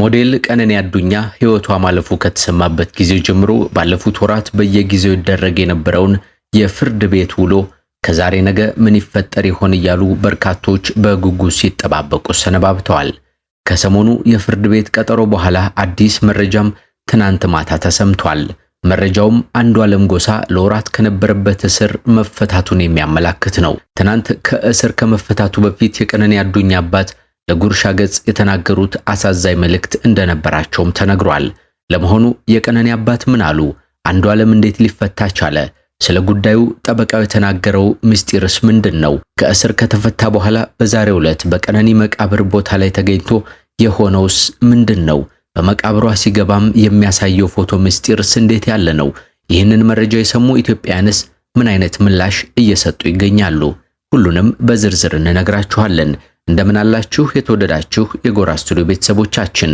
ሞዴል ቀነኒ አዱኛ ሕይወቷ ማለፉ ከተሰማበት ጊዜ ጀምሮ ባለፉት ወራት በየጊዜው ይደረግ የነበረውን የፍርድ ቤት ውሎ ከዛሬ ነገ ምን ይፈጠር ይሆን እያሉ በርካቶች በጉጉት ሲጠባበቁ ሰነባብተዋል። ከሰሞኑ የፍርድ ቤት ቀጠሮ በኋላ አዲስ መረጃም ትናንት ማታ ተሰምቷል። መረጃውም አንዱ ዓለም ጎሳ ለወራት ከነበረበት እስር መፈታቱን የሚያመላክት ነው። ትናንት ከእስር ከመፈታቱ በፊት የቀነኒ አዱኛ አባት ለጉርሻ ገጽ የተናገሩት አሳዛኝ መልእክት እንደነበራቸውም ተነግሯል። ለመሆኑ የቀነኒ አባት ምን አሉ? አንዱ ዓለም እንዴት ሊፈታ ቻለ? ስለ ጉዳዩ ጠበቃው የተናገረው ምስጢርስ ምንድን ነው? ከእስር ከተፈታ በኋላ በዛሬው ዕለት በቀነኒ መቃብር ቦታ ላይ ተገኝቶ የሆነውስ ምንድን ነው? በመቃብሯ ሲገባም የሚያሳየው ፎቶ ምስጢርስ እንዴት ያለ ነው? ይህንን መረጃ የሰሙ ኢትዮጵያውያንስ ምን አይነት ምላሽ እየሰጡ ይገኛሉ? ሁሉንም በዝርዝር እንነግራችኋለን። እንደምን አላችሁ የተወደዳችሁ የጎራ ስቱዲዮ ቤተሰቦቻችን።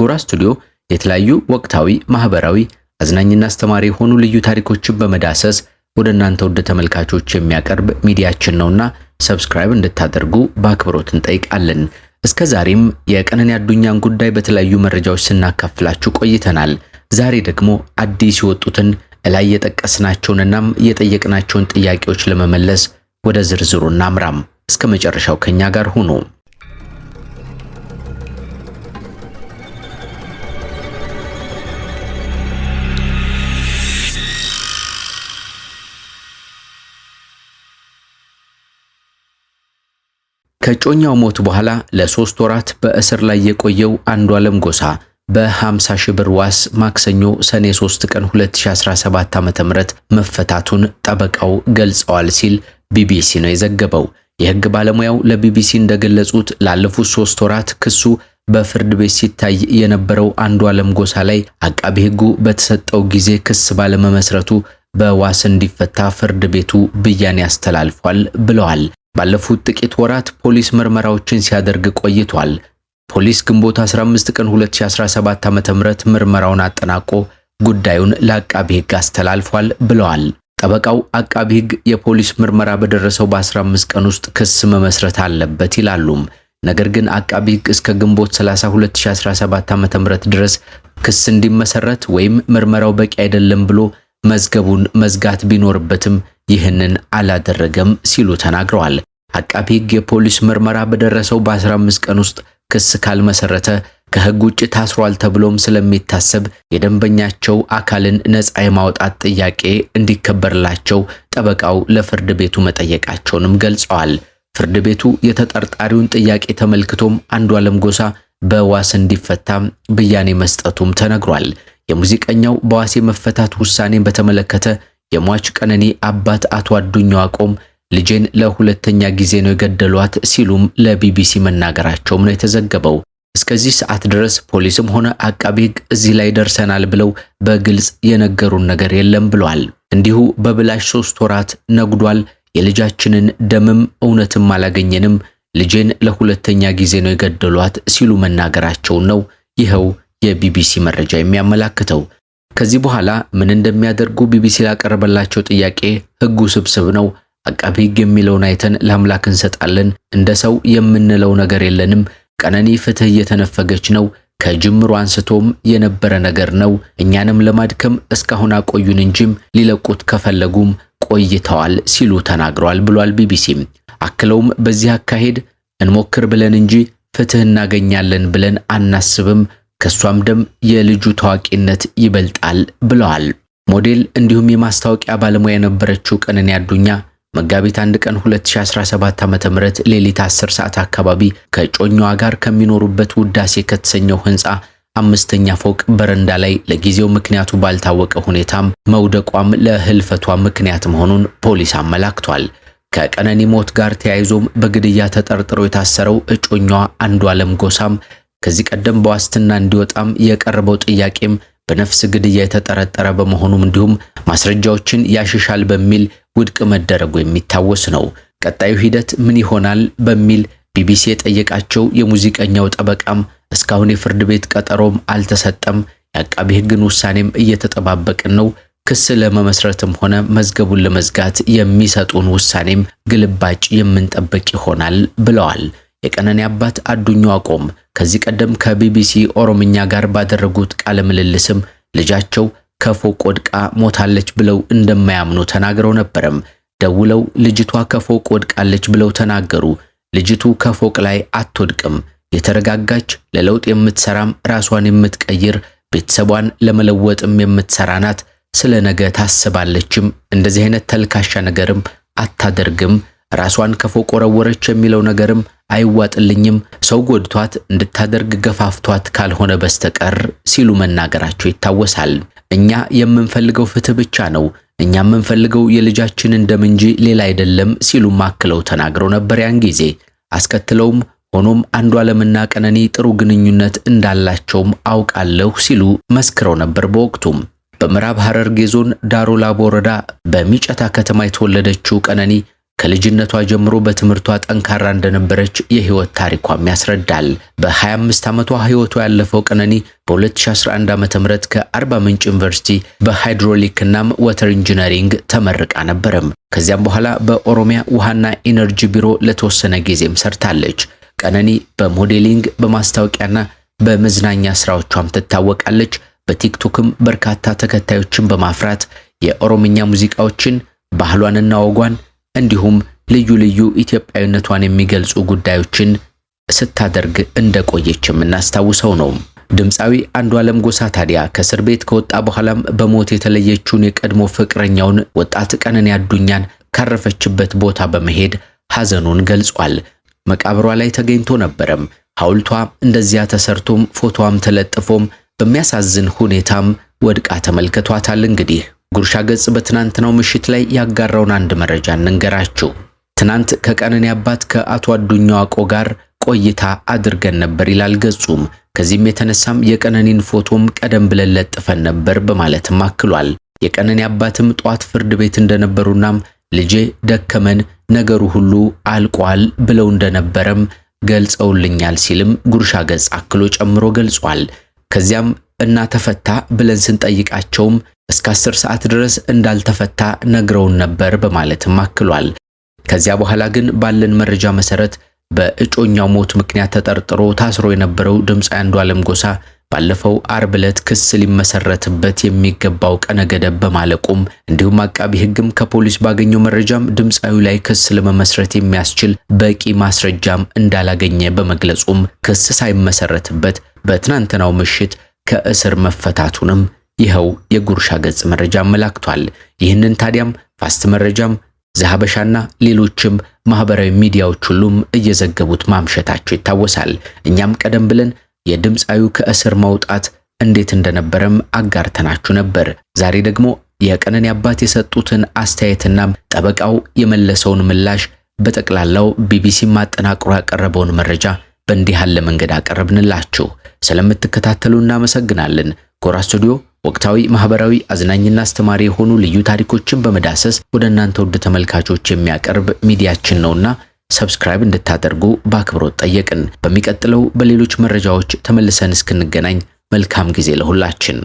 ጎራ ስቱዲዮ የተለያዩ ወቅታዊ፣ ማህበራዊ፣ አዝናኝና አስተማሪ የሆኑ ልዩ ታሪኮችን በመዳሰስ ወደ እናንተ ወደ ተመልካቾች የሚያቀርብ ሚዲያችን ነውና ሰብስክራይብ እንድታደርጉ በአክብሮት እንጠይቃለን። እስከ ዛሬም የቀነኒ አዱኛን ጉዳይ በተለያዩ መረጃዎች ስናካፍላችሁ ቆይተናል። ዛሬ ደግሞ አዲስ የወጡትን እላይ የጠቀስናቸውንናም የጠየቅናቸውን ጥያቄዎች ለመመለስ ወደ ዝርዝሩ እናምራም። እስከ መጨረሻው ከኛ ጋር ሁኑ። ከጮኛው ሞት በኋላ ለሶስት ወራት በእስር ላይ የቆየው አንዷለም ጎሳ በ50 ሺህ ብር ዋስ ማክሰኞ ሰኔ 3 ቀን 2017 ዓ.ም መፈታቱን ጠበቃው ገልጸዋል ሲል ቢቢሲ ነው የዘገበው። የህግ ባለሙያው ለቢቢሲ እንደገለጹት ላለፉት ሶስት ወራት ክሱ በፍርድ ቤት ሲታይ የነበረው አንዱ ዓለም ጎሳ ላይ አቃቢ ህጉ በተሰጠው ጊዜ ክስ ባለመመስረቱ በዋስ እንዲፈታ ፍርድ ቤቱ ብያኔ አስተላልፏል ብለዋል። ባለፉት ጥቂት ወራት ፖሊስ ምርመራዎችን ሲያደርግ ቆይቷል። ፖሊስ ግንቦት 15 ቀን 2017 ዓ.ም ምርመራውን አጠናቆ ጉዳዩን ለአቃቢ ህግ አስተላልፏል ብለዋል። ጠበቃው አቃቢ ሕግ የፖሊስ ምርመራ በደረሰው በ15 ቀን ውስጥ ክስ መመስረት አለበት ይላሉም። ነገር ግን አቃቢ ሕግ እስከ ግንቦት 30 2017 ዓ.ም ድረስ ክስ እንዲመሰረት ወይም ምርመራው በቂ አይደለም ብሎ መዝገቡን መዝጋት ቢኖርበትም ይህንን አላደረገም ሲሉ ተናግረዋል። አቃቢ ሕግ የፖሊስ ምርመራ በደረሰው በ15 ቀን ውስጥ ክስ ካልመሰረተ ከህግ ውጭ ታስሯል ተብሎም ስለሚታሰብ የደንበኛቸው አካልን ነፃ የማውጣት ጥያቄ እንዲከበርላቸው ጠበቃው ለፍርድ ቤቱ መጠየቃቸውንም ገልጸዋል። ፍርድ ቤቱ የተጠርጣሪውን ጥያቄ ተመልክቶም አንዷለም ጎሳ በዋስ እንዲፈታ ብያኔ መስጠቱም ተነግሯል። የሙዚቀኛው በዋስ የመፈታት ውሳኔን በተመለከተ የሟች ቀነኒ አባት አቶ አዱኛ አቆም ልጄን ለሁለተኛ ጊዜ ነው የገደሏት ሲሉም ለቢቢሲ መናገራቸውም ነው የተዘገበው። እስከዚህ ሰዓት ድረስ ፖሊስም ሆነ አቃቢ ሕግ እዚህ ላይ ደርሰናል ብለው በግልጽ የነገሩን ነገር የለም ብሏል። እንዲሁ በብላሽ ሶስት ወራት ነጉዷል። የልጃችንን ደምም እውነትም አላገኘንም። ልጄን ለሁለተኛ ጊዜ ነው የገደሏት ሲሉ መናገራቸውን ነው ይኸው የቢቢሲ መረጃ የሚያመላክተው። ከዚህ በኋላ ምን እንደሚያደርጉ ቢቢሲ ላቀረበላቸው ጥያቄ ህጉ ስብስብ ነው አቃቢ ሕግ የሚለውን አይተን ለአምላክ እንሰጣለን። እንደ ሰው የምንለው ነገር የለንም ቀነኒ ፍትህ እየተነፈገች ነው። ከጅምሩ አንስቶም የነበረ ነገር ነው። እኛንም ለማድከም እስካሁን አቆዩን እንጂም ሊለቁት ከፈለጉም ቆይተዋል ሲሉ ተናግረዋል ብሏል ቢቢሲም። አክለውም በዚህ አካሄድ እንሞክር ብለን እንጂ ፍትህ እናገኛለን ብለን አናስብም፣ ከሷም ደም የልጁ ታዋቂነት ይበልጣል ብለዋል። ሞዴል እንዲሁም የማስታወቂያ ባለሙያ የነበረችው ቀነኒ አዱኛ መጋቢት አንድ ቀን 2017 ዓ.ም ሌሊት 10 ሰዓት አካባቢ ከጮኛዋ ጋር ከሚኖሩበት ውዳሴ ከተሰኘው ህንፃ አምስተኛ ፎቅ በረንዳ ላይ ለጊዜው ምክንያቱ ባልታወቀ ሁኔታም መውደቋም ለህልፈቷ ምክንያት መሆኑን ፖሊስ አመላክቷል። ከቀነኒ ሞት ጋር ተያይዞም በግድያ ተጠርጥሮ የታሰረው እጮኛዋ አንዱ ዓለም ጎሳም ከዚህ ቀደም በዋስትና እንዲወጣም የቀረበው ጥያቄም በነፍስ ግድያ የተጠረጠረ በመሆኑም እንዲሁም ማስረጃዎችን ያሽሻል በሚል ውድቅ መደረጉ የሚታወስ ነው። ቀጣዩ ሂደት ምን ይሆናል በሚል ቢቢሲ የጠየቃቸው የሙዚቀኛው ጠበቃም እስካሁን የፍርድ ቤት ቀጠሮም አልተሰጠም፣ የአቃቢ ሕግን ውሳኔም እየተጠባበቅን ነው ክስ ለመመስረትም ሆነ መዝገቡን ለመዝጋት የሚሰጡን ውሳኔም ግልባጭ የምንጠብቅ ይሆናል ብለዋል። የቀነኒ አባት አዱኛ አቆም ከዚህ ቀደም ከቢቢሲ ኦሮምኛ ጋር ባደረጉት ቃለ ምልልስም ልጃቸው ከፎቅ ወድቃ ሞታለች ብለው እንደማያምኑ ተናግረው ነበረም። ደውለው ልጅቷ ከፎቅ ወድቃለች ብለው ተናገሩ። ልጅቱ ከፎቅ ላይ አትወድቅም፣ የተረጋጋች ለለውጥ የምትሰራም ራሷን የምትቀይር ቤተሰቧን ለመለወጥም የምትሰራ ናት። ስለ ነገ ታስባለችም። እንደዚህ አይነት ተልካሻ ነገርም አታደርግም ራሷን ከፎቅ ወረወረች የሚለው ነገርም አይዋጥልኝም፣ ሰው ጎድቷት እንድታደርግ ገፋፍቷት ካልሆነ በስተቀር ሲሉ መናገራቸው ይታወሳል። እኛ የምንፈልገው ፍትህ ብቻ ነው፣ እኛ የምንፈልገው የልጃችንን ደም እንጂ ሌላ አይደለም ሲሉም አክለው ተናግረው ነበር ያን ጊዜ። አስከትለውም ሆኖም አንዱ ዓለምና ቀነኒ ጥሩ ግንኙነት እንዳላቸውም አውቃለሁ ሲሉ መስክረው ነበር። በወቅቱም በምዕራብ ሐረርጌ ዞን ዳሮ ላቦ ወረዳ በሚጨታ ከተማ የተወለደችው ቀነኒ ከልጅነቷ ጀምሮ በትምህርቷ ጠንካራ እንደነበረች የህይወት ታሪኳም ያስረዳል። በ25 ዓመቷ ህይወቷ ያለፈው ቀነኒ በ2011 ዓ.ም ከአርባ ምንጭ ዩኒቨርሲቲ በሃይድሮሊክ እናም ወተር ኢንጂነሪንግ ተመርቃ ነበረም። ከዚያም በኋላ በኦሮሚያ ውሃና ኢነርጂ ቢሮ ለተወሰነ ጊዜም ሰርታለች። ቀነኒ በሞዴሊንግ በማስታወቂያና በመዝናኛ ስራዎቿም ትታወቃለች። በቲክቶክም በርካታ ተከታዮችን በማፍራት የኦሮምኛ ሙዚቃዎችን ባህሏንና ወጓን እንዲሁም ልዩ ልዩ ኢትዮጵያዊነቷን የሚገልጹ ጉዳዮችን ስታደርግ እንደቆየች የምናስታውሰው ነው። ድምፃዊ አንዷለም ጎሳ ታዲያ ከእስር ቤት ከወጣ በኋላም በሞት የተለየችውን የቀድሞ ፍቅረኛውን ወጣት ቀነኒ አዱኛን ካረፈችበት ቦታ በመሄድ ሐዘኑን ገልጿል። መቃብሯ ላይ ተገኝቶ ነበረም። ሐውልቷ እንደዚያ ተሰርቶም ፎቶዋም ተለጥፎም በሚያሳዝን ሁኔታም ወድቃ ተመልክቷታል። እንግዲህ ጉርሻ ገጽ በትናንትናው ምሽት ላይ ያጋራውን አንድ መረጃ እንንገራችሁ። ትናንት ከቀነኒ አባት ከአቶ አዱኛ ዋቆ ጋር ቆይታ አድርገን ነበር ይላል ገጹም። ከዚህም የተነሳም የቀነኒን ፎቶም ቀደም ብለን ለጥፈን ነበር በማለትም አክሏል። የቀነኒ አባትም ጧት ፍርድ ቤት እንደነበሩናም ልጄ ደከመን፣ ነገሩ ሁሉ አልቋል ብለው እንደነበረም ገልጸውልኛል ሲልም ጉርሻ ገጽ አክሎ ጨምሮ ገልጿል። ከዚያም እና ተፈታ ብለን ስንጠይቃቸውም እስከ 10 ሰዓት ድረስ እንዳልተፈታ ነግረውን ነበር በማለትም አክሏል። ከዚያ በኋላ ግን ባለን መረጃ መሰረት በእጮኛው ሞት ምክንያት ተጠርጥሮ ታስሮ የነበረው ድምፃዊ አንዱዓለም ጎሳ ባለፈው አርብ ዕለት ክስ ሊመሰረትበት የሚገባው ቀነ ገደብ በማለቁም እንዲሁም አቃቢ ሕግም ከፖሊስ ባገኘው መረጃም ድምፃዊው ላይ ክስ ለመመስረት የሚያስችል በቂ ማስረጃም እንዳላገኘ በመግለጹም ክስ ሳይመሰረትበት በትናንትናው ምሽት ከእስር መፈታቱንም ይኸው የጉርሻ ገጽ መረጃ አመላክቷል። ይህንን ታዲያም ፋስት መረጃም ዘሀበሻና ሌሎችም ማህበራዊ ሚዲያዎች ሁሉም እየዘገቡት ማምሸታቸው ይታወሳል። እኛም ቀደም ብለን የድምፃዊው ከእስር መውጣት እንዴት እንደነበረም አጋርተናችሁ ነበር። ዛሬ ደግሞ የቀነኒ አባት የሰጡትን አስተያየትና ጠበቃው የመለሰውን ምላሽ በጠቅላላው ቢቢሲ ማጠናቅሮ ያቀረበውን መረጃ በእንዲህ ያለ መንገድ አቀረብንላችሁ። ስለምትከታተሉ እናመሰግናለን። ጎራ ስቱዲዮ ወቅታዊ፣ ማህበራዊ፣ አዝናኝና አስተማሪ የሆኑ ልዩ ታሪኮችን በመዳሰስ ወደ እናንተ ውድ ተመልካቾች የሚያቀርብ ሚዲያችን ነውና ሰብስክራይብ እንድታደርጉ በአክብሮት ጠየቅን። በሚቀጥለው በሌሎች መረጃዎች ተመልሰን እስክንገናኝ መልካም ጊዜ ለሁላችን።